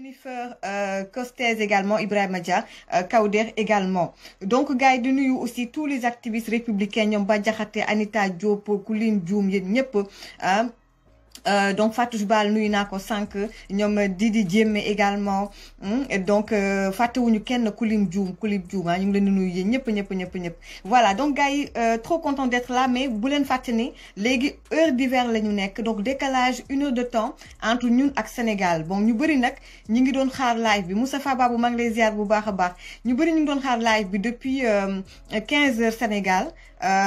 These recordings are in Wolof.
Jennifer euh, Costez également Ibrahima Dia euh, Kauder également donc guide de di aussi tous les activistes républicains Anita Diop Kouline Dioum euh, donc Fatou nous, nous, il y Didi diem également hmm, donc euh, kenn Koulim ken Koulim ah, ñu leen Nous voilà donc Gaï, euh, trop content d'être là mais vous leen ni heure d'hiver donc décalage une heure de temps entre nous et Sénégal bon ñu bari ngi live bi ziar bu live depuis 15 euh, heures Sénégal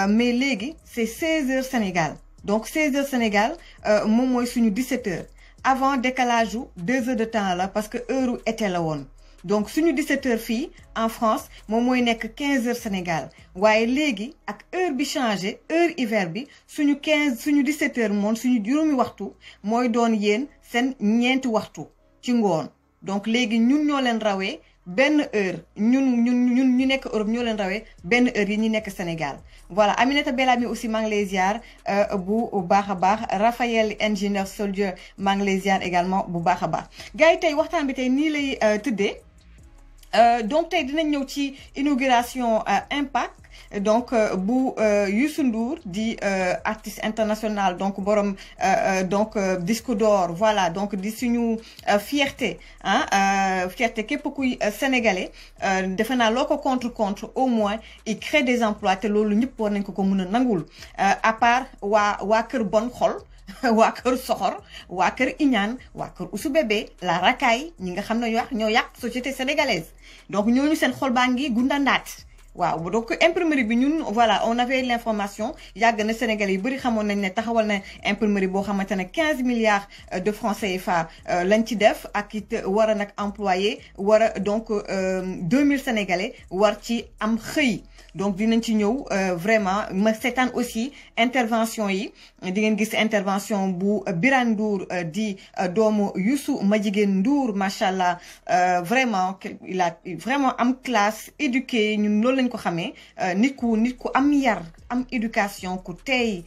mais c'est 16 heures Sénégal donc 16 heures Sénégal euh, moom mooy suñu 17 h avant décalage ou 2 heures de temps là parce que heure était la woon donc suñu 17 h fille en France moom n'est que 15 heures Sénégal waaye légui, ak heure bi changé heure hiver bi suñu 15 suñu 17 heures moom suñu durmi waxtu mooy don yéen yen, ñeenti waxtu ci ngoon donc légui, ñun ñoo benn heure ñun ñun ñun ñu nekk Europe ñoo leen rawee benn heure yi ñu nekk Sénégal voilà Aminata Bellamy aussi maa ngi lay ziar euh, bu baax a baax Raphaël ingénieur soldier maa ngi lay ziar également bu baax a baax gars yi tey waxtaan bi tey nii lay euh, tëddee euh, donc tey dinañ ñëw ci inauguration impact donc euh, Bou euh, Youssou Ndour di euh, artiste international donc borom donc disque d'or voilà donc di suñu fierté ah fierté képp kuy sénégalais defe naa loo contre contre au moins il crée des emplois te lolou ñepp war nañ ko ko mëna nangul à part wa wa kër bon xol wa kër soxor wa kër iñaan wa kër usu bébé la rakaay ñi nga xam ne ñoo société sénégalaise donc ñu seen xol baa ngi waaw donc imprimerie bi ñun voilà on avait l'information, il y a des Sénégalais qui xamoon nañ ne taxawal na imprimerie bo 15 milliards euh, de francs CFA euh, lañ ci def ak it war employé wara donc 2000 euh, sénégalais war ci am xëy donc dinañ ci euh, vraiment ma sétane aussi intervention yi di ngeen gis intervention bu birandour euh, di euh, doomu Youssou jigen Ndour machallah vraiment il a vraiment am classe éduqué ñun loolu lañ ko xamé nit ku nit ku am yar am éducation ku tay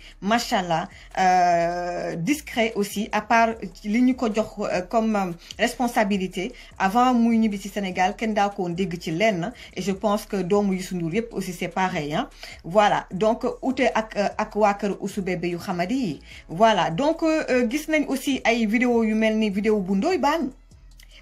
discret aussi à part li ñu ko jox comme responsabilité avant muy ñibbi ci Sénégal ken da ko dégg ci lenn et je pense que doomu Youssou Ndour yépp aussi c'est pareil hein voilà donc ute ak euh, ak ou sou Bébé yu voilà donc euh, euh, gis aussi aussi ay vidéo yu melni ni vidéo bu bang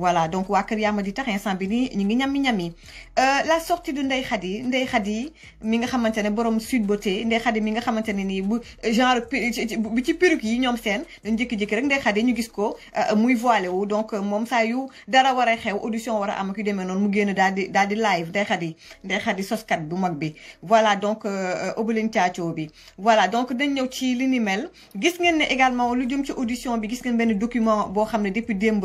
voilà donc waa kër Yamadi tax instant bi ñi ñu ñami Euh la sortie du Ndey Khadi, Ndey Khadi mi nga xamantene borom sud Beauté Ndey Khadi mi nga xamantene ni bu euh, genre bi ci perruque yi ñom sen, dañ jékki-jékki rek Ndey Khadi ñu gis ko euh, muy voilé wu donc euh, mom saa yu dara wara xew audition wara am ak yu demee noonu mu génn dal di daal di live Ndey Khadi Ndeye Khady soskat bu mag bi voilà donc Obeline Thiacho bi voilà donc dañ ñëw ci li ni mel gis ngeen ne également lu jëm ci audition bi gis ngeen benn document bo xam depuis démb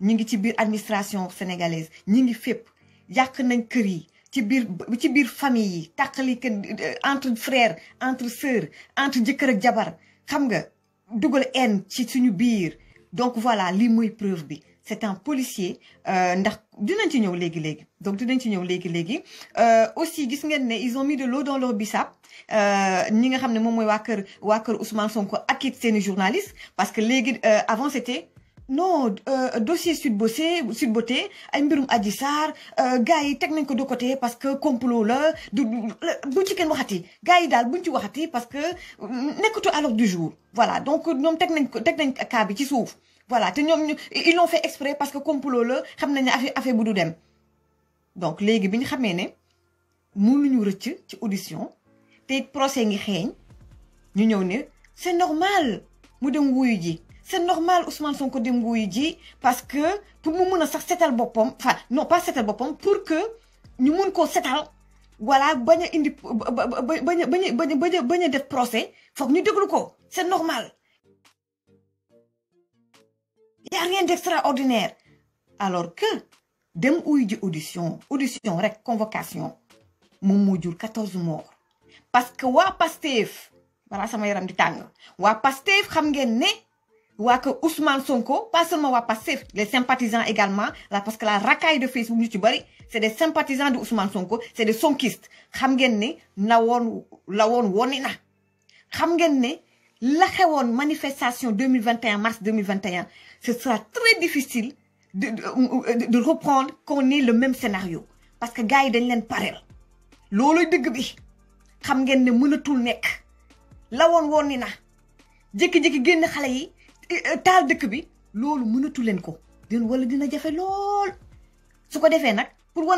ñi ngi ci biir administration sénégalaise ñi ngi fépp yàq nañ kër yi ci biir ci biir famille yi tàqali entre frère entre sœur entre jëkkër ak jabar xam nga dugal haine ci suñu biir donc voilà lii mooy preuve bi c'est un policier euh, ndax dinañ ci ñëw léegi léegi donc dinañ ci ñëw léegi léegi euh, aussi gis ngeen ne ils ont mis de l'eau dans leur bissap euh, ñi nga xam ne moom mooy waa kër waa kër Ousmane Sonko akit it journaliste parce que léegi avant c'était non euh, dossier Sud Bossé Sud Beauté ay mbirum Adji Sarr euh, gars gaay nañ ko de côté parce que complot la du buñ ci ken waxati gars dal daal buñ ci waxati parce que euh, nekkatu à l'heure du jour voilà donc ñom teg nañ ko teg nañ ka bi ci souf voilà te ñom ils l'ont fait exprès parce que complot la xam nañ ne affaire affaire bu du dem donc légui biñ xamé né mënu ñu recc ci audition té procès ngi xéñ ñu ñëw né c'est normal mu dem wuyu ji c'est normal Ousmane Sonko dem ji parce que pour mu mun a sax setal bopom enfin non pas setal bopom pour que ñu mun ko setal voilà baña indi baña baña baña a def procès faut ñu déglu ko c'est normal y a rien d'extraordinaire alors que dem uyu audition audition rek convocation mon mo jur quatorze morts parce que wa Pastef balaa sama yaram di tang wa Pastef xam ngeen ne waa que Ousmane Sonko pas seulement waa passer les sympathisants également là parce que la racaille de Facebook YouTube, c'est des sympathisants de Ousmane Sonko c'est des sonkistes Khamgenne, nawon ne wonina Khamgenne, la woon manifestation 2021 mars 2021 ce sera très difficile euh, de de reprendre qu'on ait le même scénario parce que gars yi dañ leen lolo loolu dëgg bi xam ngeen ne mënatul wonina la woon sais eh, eh, taal dëkk bi loolu mënatu leen ko wala dina pour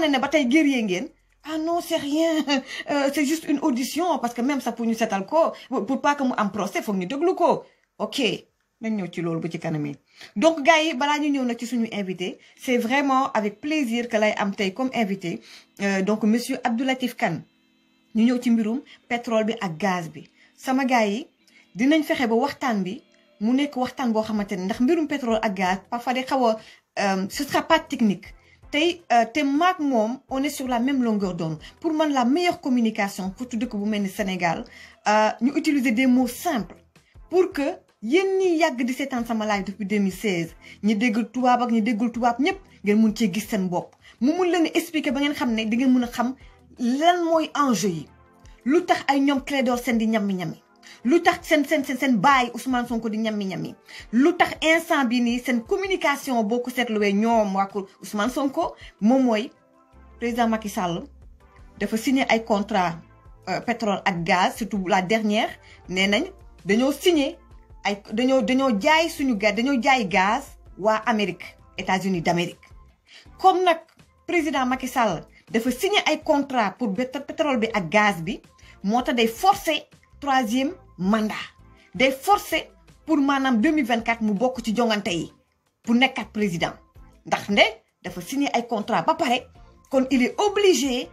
ah non c'est rien euh, c'est juste une audition parce que même ça, pour ñu c'est ko pour pas que mu procès foog ñu déglu ko ok ci donc gars yi c'est vraiment avec plaisir que lay am comme invité euh, donc monsieur Abdoulatif Kane ñu ñëw ci mbirum pétrole bi ak gaz bi sama gars yi dinañ fexe ba mu nekk waxtaan boo xamante ne ndax mbirum pétrole ak gaz parfois day xaw a euh, ce sera pas technique tey euh, te maag moom on est sur la même longueur d'onde pour man la meilleure communication pour surtout dëkk bu mel ni Sénégal euh, ñu utiliser des mots simples pour que yéen ñi yàgg di seetaan sama live depuis 2016 ñi dégg tubaab ak ñi déggul tubaab ñëpp ngeen mun cee gis seen bopp mu mun leen expliquer ba ngeen xam ne di ngeen mun a xam lan mooy enjeu yi lu tax ay ñoom Clédor Sène di ñam ñammi c'est sen sen sen Ousmane Sonko di ñammi ñammi lu instant bi communication boku ko ñom Ousmane Sonko président Macky Sall dafa signer ay contrat euh, pétrole ak gaz surtout la dernière nenañ signé ay dañoo dañoo jaay suñu gaz jaay gaz Amérique États-Unis d'Amérique comme nak président Macky Sall dafa signer ay contrat pour pétrole bi ak gaz bi mota day troisième mandat des forcer pour maanaam 2024 mu bokk ci jongante yi pour nekkat président ndax Il dafa signer un contrat ba pareil. Quand il est obligé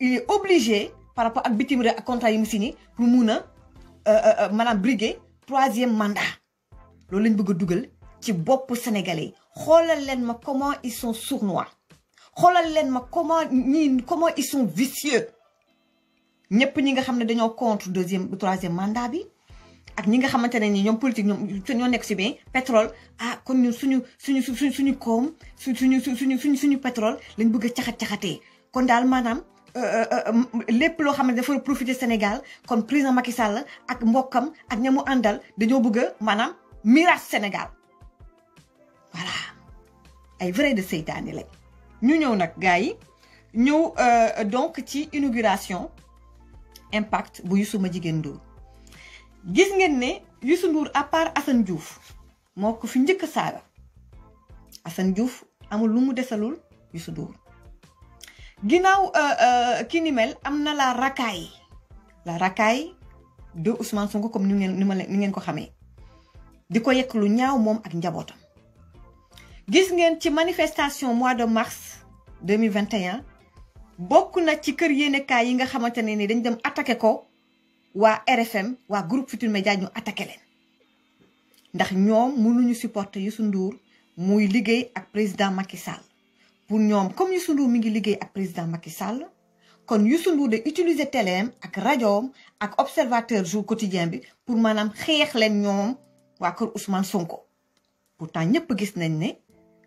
il est obligé par rapport ak bitim contrat yi signé pour euh, a euh, euh, maanaam briguer troisième mandat loolu que bëgg veux dire, ci que sénégalais yi xoolal comment ils sont sournois Regardez-moi comment comment ils sont vicieux ñëpp ñi nga xam dañoo contre deuxième troisième mandat bi ak ñi nga xamante ni ñom politique ñom ñoo nek ci mais pétrole ah kon ñu suñu suñu suñu suñu kom su suñu suñu suñu suñu pétrole lañ bëgg a caxat caxatee kon daal maanaam euh, euh, euh, lépp loo xam ne dafa profiter Sénégal kon président Macky Sall ak mbokam ak ñamu àndal dañoo bëgg a maanaam mirage Sénégal voilà ay vrai de seytaane lañ ñu ñëw nag gars yi ñëw donc ci inauguration impact bu Youssou ma jigéen Ndour gis ngeen ne Youssou Ndour à part Assane Diouf moo ko fi njëkk a saaga Assane Diouf amul lu mu desalul Youssou Ndour ginnaaw euh, euh, ki ni mel am na la racaille la racaille de Ousmane Sonko comme ni ngeen ni ngeen ko xamee di ko yekk lu ñaaw moom ak njabootam gis ngeen ci manifestation mois de mars 2021 bokk na ci kër yéenekaay yi nga xamante ne ni dañ dem attaqué ko waa RFM waa groupe Futurs Médias ñu attaqué leen ndax ñoom mënuñu supporter Youssou Ndour muy liggéey ak président Macky Sall pour ñoom comme Youssou Ndour mi ngi liggéey ak président Macky Sall kon Youssou Ndour de utiliser teleem ak rajoom ak observateur jour quotidien bi pour maanaam xeex leen ñoom waa kër Ousmane Sonko pourtant ñëpp gis nañ ne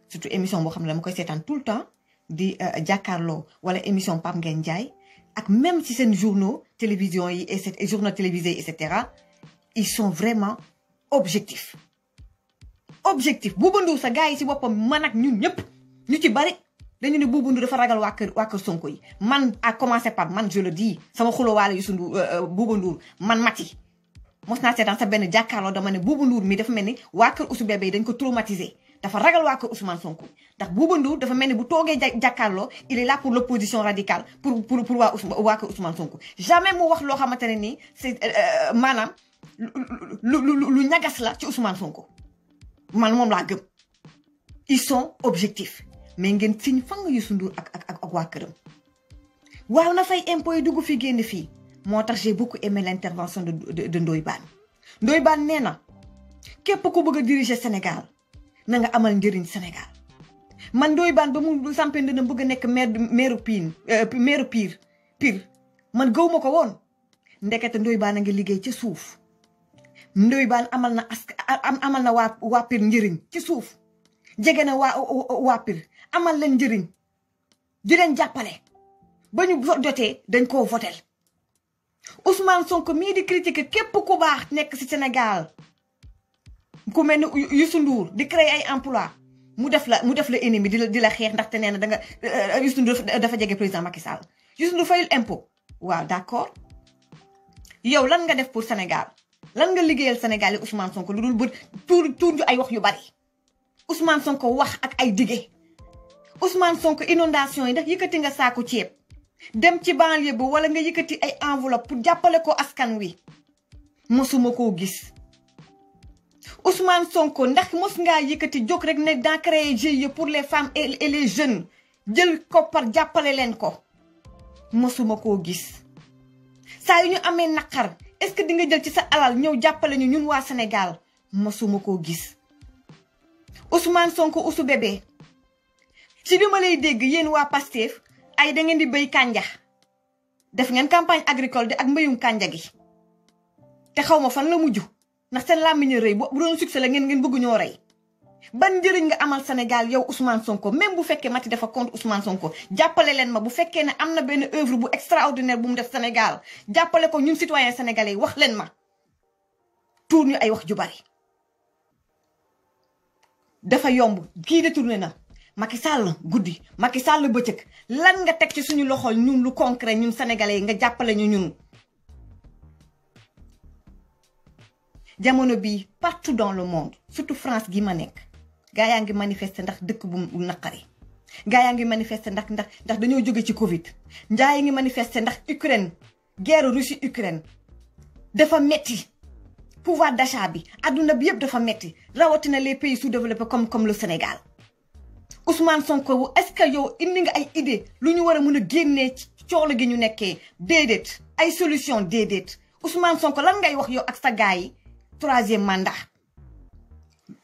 surtout émission boo xam ne dama koy seetaan tou le temps di euh, jàkkaarloo wala émission Pam Ngagne Ndiaye ak même ci sen journaux télévision yi et journaux télévisés et cetera ils sont vraiment objectifs. objectif Bouba Ndour sa gaay ci bopam man ak ñun ñëpp ñu ci bari dañu ne Bouba Ndour dafa ragal wa keur wa keur Sonko yi man a commencé par man je le dis sama xulóowaale Youssou Ndour euh, euh, Bouba Ndour man Mati mos naa seetaan sa ben jàkkaarloo dama ne Bouba Ndour mi dafa melni wa keur kër Ousou Bébé dañ ko traumatiser dafa ragal wa ko Ousmane Sonko ndax Bouba Ndour dafa mel ni bu toogee jakarlo il est là pour l'opposition radicale pour pour pour waa ko Ousmane Sonko. jamais mu wax lo xamanteni ni c'est euh, euh, manam lu ñagas la ci Ousmane Sonko man mom la gëm ils sont objectifs mais ngeen siñ fang yu sundur ak ak ak wa këram. waaw na fay impôt yi dugg fi genn fi Moi, j'ai beaucoup aimé l'intervention de de Ndoye Ban. Ndoye Ban, nee képp ku bëgg diriger Sénégal. na nga amal njëriñ Senegal. man doy ban ba mu sampé ndëna bëgg nek nekk maire maire piin eh, maire pire pire man gaw ma ndoy ban nga liggéey ci suuf ndoy ban amal na ask amal na wa waa pire njëriñ ci suuf na wa pire amal leen njëriñ di len jappalé bañu joté dan dañ ko votel Ousmane Sonko mi di critiquer képp ku baax nek ci Sénégal ku melni ni Ndour di créer ay emploi mu def la mu def la ennemi di la di la xex ndax te na da nga euh, Youssou Ndour dafa jégué président Macky Sall Youssou Ndour fayul impôt waaw d'accord yow lan nga def pour Sénégal lan nga liggéeyal Sénégal yi Ousmane Sonko loolu bu tour ay wax yu bari Ousmane Sonko wax ak ay dige Ousmane Sonko inondation yi ndax yëkëti nga saako ceeb dem ci banlieue bu wala nga yëkëti ay enveloppe pour jappalé ko askan wi musumako gis. Ousmane Sonko ndax mos nga yëkëti jokk rek né da créer GIE pour les femmes et les jeunes jël par jappalé nakar ko mosuma ko gis sa yu ñu est-ce que di nga jël ci sa alal ñëw jappalé ñu ñun wa Sénégal mosuma ko gis Ousmane Sonko usu Bébé ci li ma lay dégg yeen wa Pastef ay da ngeen di bay kanja def ngeen campagne agricole de ak mbeyum kanja gi té xawma fan la ndax seen làmmiñu rëy bu doon succès la ngeen ngeen bëgg ñoo rey ban njëriñ nga amal Sénégal yow Ousmane Sonko même bu fekkee Maty dafa contre Ousmane Sonko jàppale leen ma bu fekkee ne am na benn œuvre bu extraordinaire bu mu def Sénégal jàppale ko ñun citoyen sénégalais yi wax leen ma tuur ñu ay wax ju bari dafa yomb kii détourné na Macky Sall guddi Macky Sall bëccëg lan nga teg ci suñu loxol ñun lu concret ñun sénégalais yi nga jàppale ñu ñun jamono bi partout dans le monde surtout France gi ma nekk gaa yaa manifester ndax deuk bu nakari gaa manifester ndax ndax ndax ci Covid njaa yi manifester ndax Ukraine guerre Russie Ukraine dafa metti pouvoir d'achat bi de bi yëpp dafa metti rawatina les pays sous-développés comme comme le Sénégal Ousmane Sonko est-ce que yow indi nga idée l'union ñu war a mën a génnee ci coolo gi ñu solution déedéet Ousmane Sonko lan ngay wax yow ak sa gars troisième mandat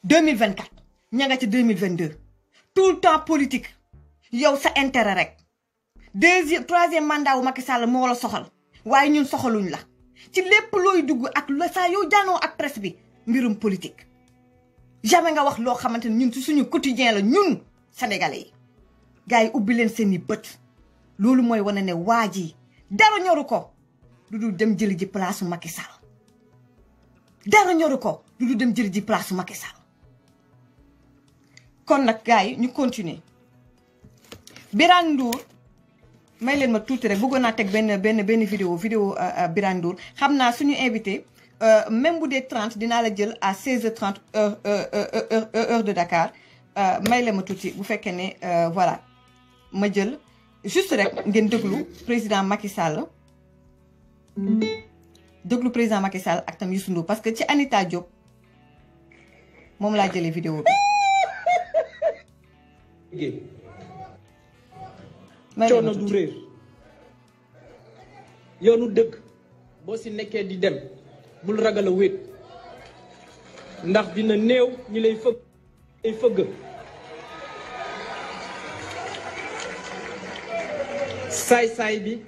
2024 ña nga ci 2022 tout le temps politique yow sa intérêt rek deuxième troisième mandat wu Macky Sall moo la soxal waaye ñun soxaluñ la ci lépp looy dugg ak la saa yow jaanoo ak presse mbirum politique jamais nga wax loo xamante ne ñun ci suñu quotidien la ñun sénégalais yi gars yi ubbi leen seen i bët loolu mooy wane ne waa ji dara ñoru ko lu dul dem jëli ji place Macky Sall dara ñoru ko lu du dem jël ji place Macky Sall kon nag gars yi ñu continuer Birane Ndour leen ma tuuti rek bëggoon naa teg benn benn benn vidéo vidéo euh, euh, Birane xam naa suñu invité euh, même bu dee 30 dinaa la jël à 16 h heure de Dakar may leen ma tuuti bu fekkee ne voilà ma jël juste rek ngeen déglu président Macky Sall. déglu président Macky Sall ak tam Youssou parce que c'est Anita Diop mom la jëlee vidéo bi. du deug bo si vous di dem ragal ndax dina ñi lay bi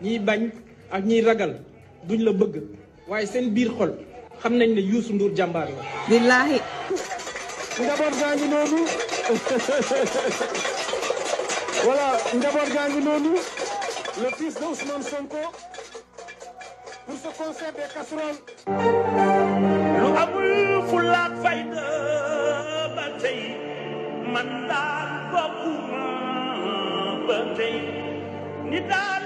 ñi bañ ak ragal duñ la bëgg waye seen biir xol xam nañ ne Youssou Ndour jambar la. billahi. njaboot gaa nonu noonu voilà njaboot gaa ngi le fils d'ousmane Sonko pour ce concert des casseroles. lu amul fu fulaak fayda ba tey man daal bokkuma ba tey ni daal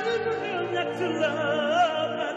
ñett la.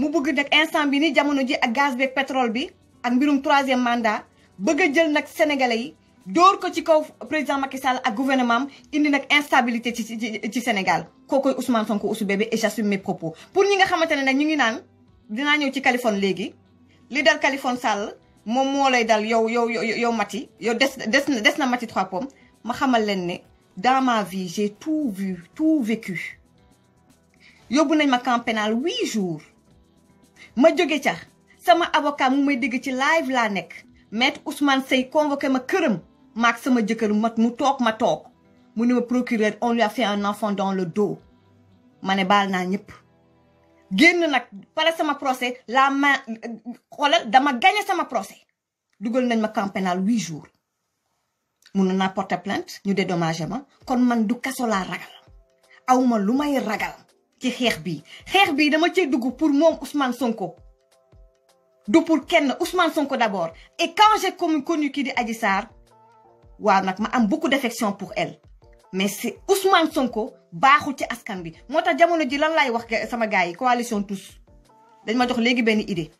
mu bëgg nag instant bi ni jamono ji ak gaz bi pétrole bi ak un troisième mandat bëgg sénégalais yi président Macky Sall gouvernement instabilité ci Sénégal Ousmane Sonko mes propos pour ñi nga ñu ngi naan Californie Sall lay dal Mati des des trois pommes ma xamal dans ma vie j'ai tout vu tout vécu nañ ma camp pénal huit jours ma jóge ca sama avocat mu may dégg ci live laa nekk maître Ousmane sey convoqué ma këram maak sama jëkkër mat mu toog ma toog mu ne ma procureur on lui a fait un enfant dans le dos ma ne baal naa ñëpp génn nag pare sama procès la ma xoolal dama gagné sama procès dugal nañ ma camp pénal huit jours mun naa porter plainte ñu dédommagé ma kon man du kaso laa ragal awma lu may ragal ci xeex bi xeex bi dama ci dugg pour moom Ousmane Sonko du pour kenn Ousmane Sonko d'abord et quand j'ai connu qui di Adji Sarr wa nak ma am beaucoup d'affection pour elle mais c'est Ousmane Sonko baaxul ci askan bi motax jamono ji lan lay wax sama gars coalition tous dañ ma jox légui ben idée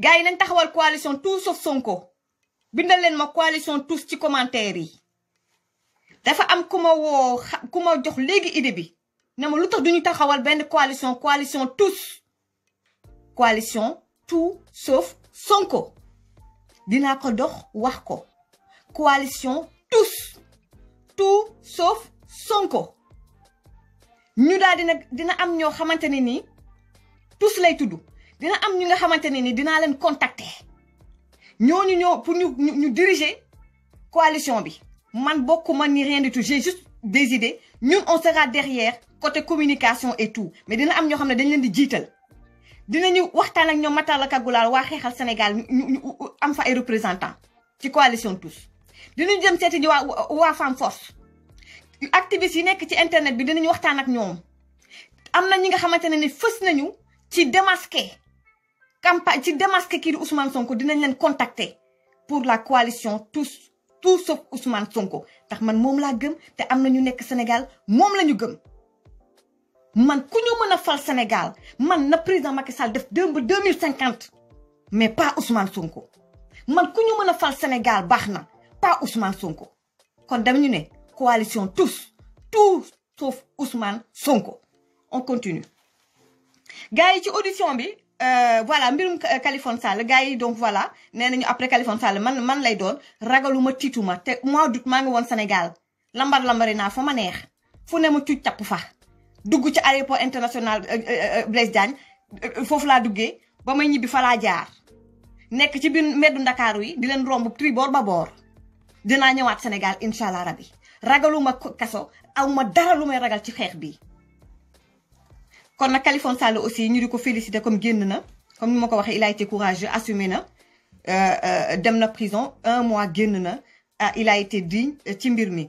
gars yi nañ taxawal coalition tous sauf Sonko bindal len ma coalition tous ci commentaire yi dafa am kuma wo kuma jox légui idée bi ne ma lu tax duñu taxawal benn coalition coalition tous coalition tout sauf Sonko Dina ko dox wax ko coalition tous tout sauf Sonko ñu Nous dina dina am ño xamanteni ni tous lay tuddu dina am ñu nga xamanteni Nous dina len leen contacter ñooñu ñoo pour ñu ñu diriger coalition bi man bokuma ni rien du tout j'ai juste des idées ñun on sera derrière côté communication et tout mais dina am ñoo xamné ne dañ leen di jital dinañu waxtaan ak ñom Matar ak goulal wa xéxal Sénégal am fa ay représentants ci coalition tous dinañu jëm seeti ji waa wa Femme Force activistes yi nekk ci internet bi dinañu waxtaan ak ñom amna ñi nga xamante ne ni fës nañu ci démasquer campagne ci démasquer ki Ousmane Sonko dinañ leen contacter pour la coalition tous tout sauf Ousmane Sonko tax man mom la gëm té amna ñu nekk Sénégal mom la gëm man kuñu mëna fal Sénégal man na président Macky Sall def de mille cinquante mais pas Ousmane Sonko man kuñu mëna fal Sénégal baxna pas Ousmane Sonko kon ñu né coalition tous tous sauf Ousmane Sonko on continue. Gai, ci audition bi euh, voilà mbirum califon Sall gaay donc voilà nee nañu après califon Sall man man lay doon ragaluma tituma te mois d'août Sénégal lambar lambari naa fa ma neex fu ne ma tuj fa dugg ci aéroport international euh, euh, euh, Blaise Diagne foofu laa duggee ba may ñibbi fa laa jaar nek ci biir meddu Dakar wi di len romb tribor ba boor dinaa ñëwaat Sénégal inshallah allah rabi ragaluma kasso aw dara lu may ragal ci xex bi. kon nag Khalifa Sall aussi ñu diko féliciter comme genn na comme ni ko waxee il a été courageux assumé na dem na prison un mois genn na ah, il a été digne ci mbir mi.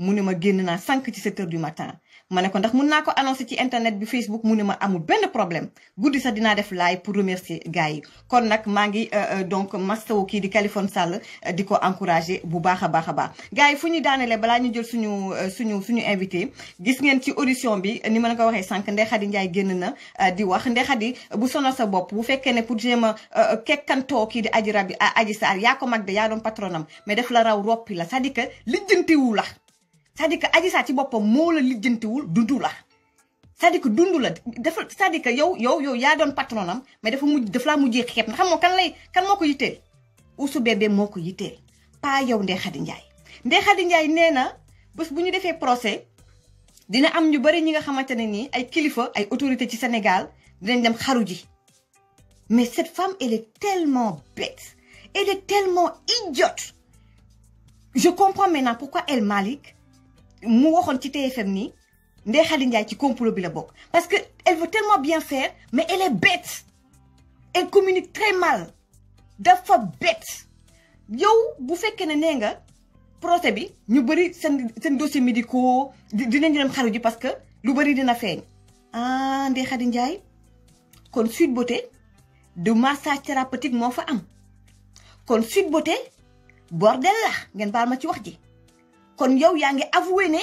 munima ne ma ci 7 h du matin mané ko ndax mun ko annoncer ci internet bi Facebook munima amul benn problème goudi sa dina def live pour remercier gaay yi kon nag maa ngi euh, euh, donc mastawu ki di Kaliphone Sall euh, di ko encouragé bu baax a ba gaay fuñu danelé bala ñu jël suñu suñu suñu invité gis ngeen ci audition bi ni ma la ko waxee sànq Ndeye Khady Ndiaye génn na di wax Ndeye Khady bu sono sa bopp bu fekké né pour jema a kekkantoo ki di Adji rabbi Adji sar ya ko mag de yaa patronam mais def la raw roppi la c'est-à-dire la c'est-à-dire que Adji Sarr ci bopam mo la lijjantiwul dundu la c'est-à-dire que dundu la dafa c'est-à-dire que yow yow yow ya doon patronam mais dafa mujj dafa la mujjee xeeb na xam nga kan lay kan moko yité. yitteel Bébé moko yité. Pa pas yow Ndeye Khady Ndiaye Ndeye Khady Ndiaye néna na buñu défé procès dina am ñu bari ñi nga xamante ni ay kilifa ay autorité ci Sénégal dinañ dem xaru ji mais cette femme elle est tellement bête elle est tellement idiote je comprends maintenant pourquoi elle, Malik mu ci TFM ni Ndiaye ci complot bi la parce que elle veut tellement bien faire mais elle est bête elle communique très mal dafa bête yow bu fekkee ne nga procès bi ñu bari sen dossier médicaux dinañu dem xaru parce que lu des dina feñ ah Ndiaye kon Beauté massage thérapeutique mo fa am kon Beauté bordel la ngeen ma kon yow yaa ngi avoué ne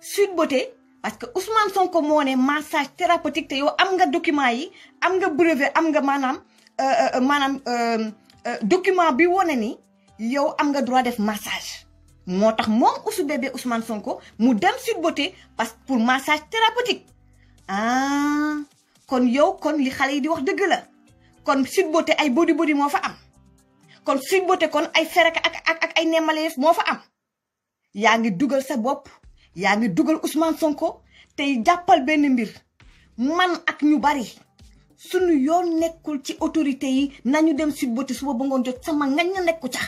suite Beauté parce que Ousmane Sonko mo ne massage thérapeutique te yow am nga document yi am nga brevet am nga euh euh, euh, euh, euh document bi woné ni yow am nga droit def massage motax mom Ousou bébé Ousmane Sonko mu dem suite Beauté parce pour massage thérapeutique ah kon yow kon li xalé yi di wax deug la kon suite Beauté ay body body mo fa am kon suite Beauté kon ay ferek ak ak ak ay némalé mo fa am yaa ngi dugal sa bopp yaa ngi dugal Ousmane Sonko tey jàppal benn mbir man ak ñu bari suñu yoon nekkul ci autorité yi nañu dem sud boti suba bu ngoon jot sama ngañ na nekku ca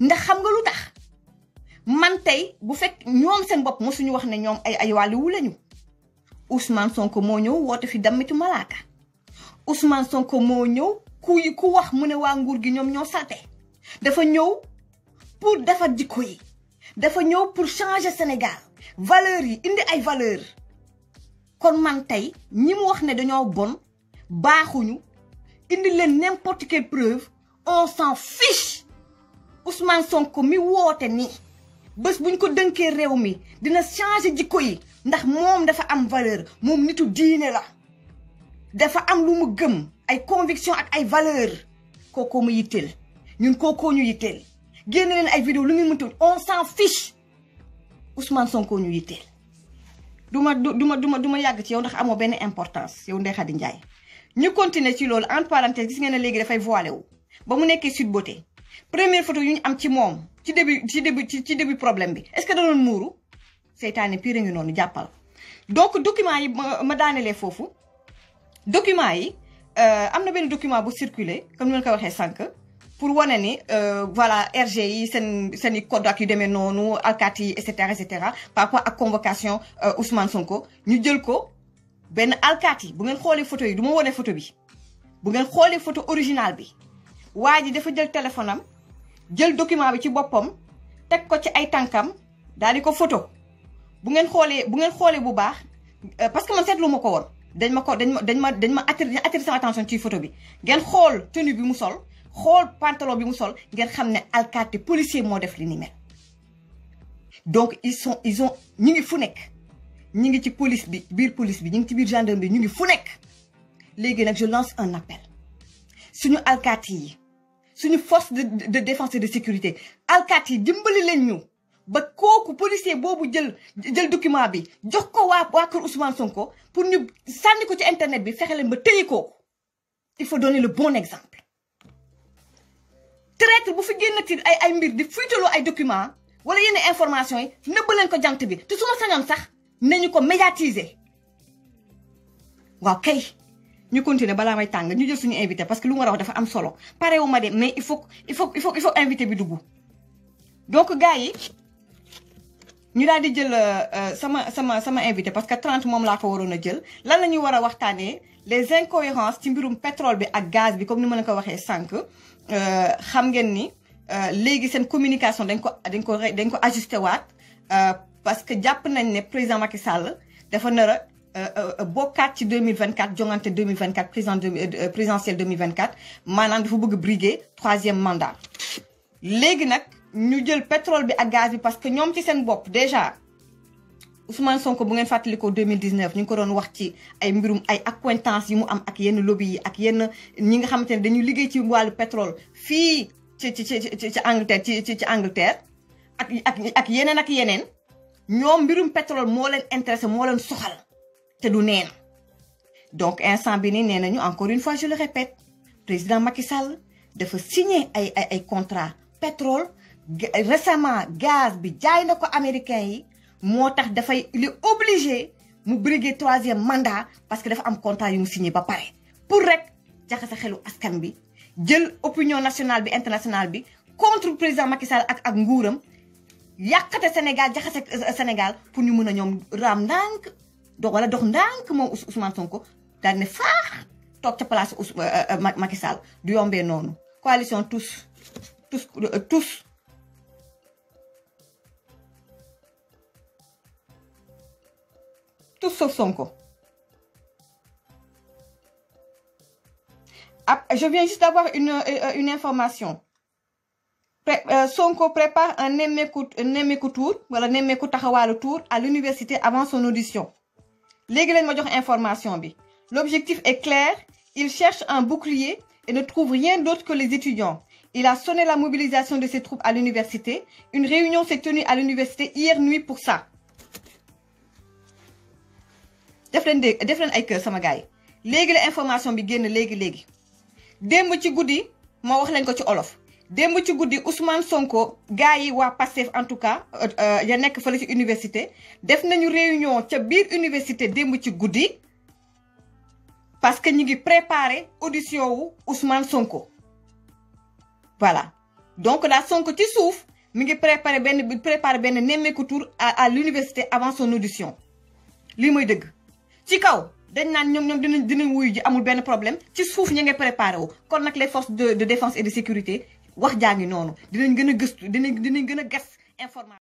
ndax xam nga lu tax man tey bu fekk ñoom seen bopp suñu wax ne ñoom ay ay wàlluwu lañu Ousmane Sonko moo ñëw woote fi dammitu malaaka Ousmane Sonko moo ñëw ku yi ku wax mu ne waa nguur gi ñoom ñoo salte dafa ñëw pour defar jikko yi dafa ñëw pour changer Sénégal valeur yi indi ay valeur kon man tey ñi mu wax ne dañoo bon baaxuñu indi leen n'importe quelle preuve on s'en fiche Ousmane Sonko mi woote ni bés buñ ko dënkee réew mi dina changer jikko yi ndax moom dafa am valeur moom nitu diine la dafa am lu mu gëm ay conviction ak ay valeur kookoo mu yitteel ñun kookoo ñu yitteel génn leen ay vidéo lu muy mënti on s'en fiche Ousmane Sonko ñu yitteel du Duma duma duma du ma du ma yàgg ci yow ndax amoo benn importance yow Ndeye Khady Ndiaye ñu continuer ci loolu entre parenthèse gis ngeen ne léegi dafay voilé wu ba mu nekkee Sweet Beauté première photo yu ñu am ci moom ci début ci début ci début problème bi est-ce que da doon muuru seytaane pire ngi noonu jàppal donc document yi ma daanelee foofu document yi euh, am na benn document bu circuler, comme ni ma ko waxee sànq pour wane ni euh, voilà RGI sen seen code ak yu demee noonu alkaati yi et cetera et cetera par rapport à convocation euh, Ousmane Sonko ñu jël ko ben alkaati bu ngeen xolé photo yi duma woné photo bi bu ngeen xolé photo original bi waa dafa jël téléphone am jël document bi ci bopam tek ko ci ay tankam daliko photo bu ngeen xolé bu ngeen xolé bu baax euh, parce que man seetlu ma ko woon dañ ma ko dañ ma dañ ma attirer ma attention ci photo bi ngeen xol tenue bi mu sol xool pantalon bi mu sol ngeen xamné ne policier mo def li ni mel donc ils sont ils ont ñi ngi fu nek ñi ngi ci police bi biir police bi ñi ngi ci biir bi ñi ngi fu nek légui nak je lance un appel suñu alkaati yi suñu force de de défense et de sécurité alkaati yi dimbali leen ñu ba koku policier bobu jël jël document bi jox ko wa wa kër Ousmane Sonko pour ñu sanni ko ci internet bi fexe leen ba teyiko il faut donner le bon exemple traître bu fi génnati ay ay mbir di fuytaloo ay documents wala yenn information yi nëbb leen ko jant bi te suma ma sax nañu ko médiatiser waaw kay ñu continuer balaa may tàng ñu jël suñu invité parce que lu ma wax dafa am solo parewu ma de mais il faut il faut il faut il faut invité bi dugg donc gars yi ñu daal di jël euh, euh, sama sama sama invité parce que 30 moom laa ko waroon a jël lan la ñuy war a waxtaanee les incohérences ci mbirum pétrole bi ak gaz bi comme ni ma la ko waxee sànq euh, xam ngeen ni euh, léegi seen communication dañ ko dañ ko dañ ko ajusté waat euh, parce que jàpp nañ ne président Macky Sall dafa nar a bokkaat ci 2024 jongante 2024 président présidentielle 2024 maanaam dafa bëgg briguer troisième mandat léegi nag ñu jël pétrole bi ak gaz bi parce que ñoom ci seen bopp déjà Ousmane Sonko bu ngeen fàttalikoo 2019 ñu ngi ko doon wax ci ay mbirum ay acquaintance yi mu am ak yenn lobby yi ak yenn ñi nga xamante dañuy liggéey ci wàllu pétrole fii ci ci ci ci Angleterre ci ci Angleterre ak ak ak yeneen ak yeneen mbirum pétrole mo leen intéressé mo leen soxal té du néen donc instant bi ni nénañu encore une fois je le répète président Macky Sall dafa signé ay ay contrat pétrole récemment gaz bi jaay nako américain yi motax da fay il est obligé mu briguer troisième mandat parce que dafa am contrat yu signé ba pare pour rek jaxase xelu askan bi djel opinion nationale bi internationale bi contre le président Macky Sall ak ak ngouram yakata Sénégal jaxase euh, Sénégal pour ñu mëna ñom ram dank ndànk wala dox dank moom Ousmane Sonko dal ne faax tok ci place euh, euh, Macky Sall du yombé non coalition tous tous tous sauf Sonko. Je viens juste d'avoir une, euh, euh, information. Euh, Sonko prépare un Nemekou Tour, voilà, Tour à l'université avant son audition. information. L'objectif est clair, il cherche un bouclier et ne trouve rien d'autre que les étudiants. Il a sonné la mobilisation de ses troupes à l'université. Une réunion s'est tenue à l'université hier nuit pour ça def leen dégg def leen ay kër sama gars yi la information bi génn léegi léegi démb ci guddi moo wax leen ko ci olof. démb ci guddi Ousmane Sonko gars yi waa Pastef en tout cas euh, euh, ya nekk fële ci université def nañu réunion ca biir université démb ci guddi parce que ñu ngi préparé audition wu Ousmane Sonko voilà donc la Sonko ci suuf mi ngi préparé benn préparé benn nemmeeku tour à à l'université avant son audition lii mooy dëgg ci kaw dañ nan ñom ñom dinañ dinañ wuy ji amul ben problème ci suuf ñi nga préparé wu kon nak les forces de de défense et de sécurité wax jaangi nonu dinañ gëna gëstu dinañ dinañ gëna gas information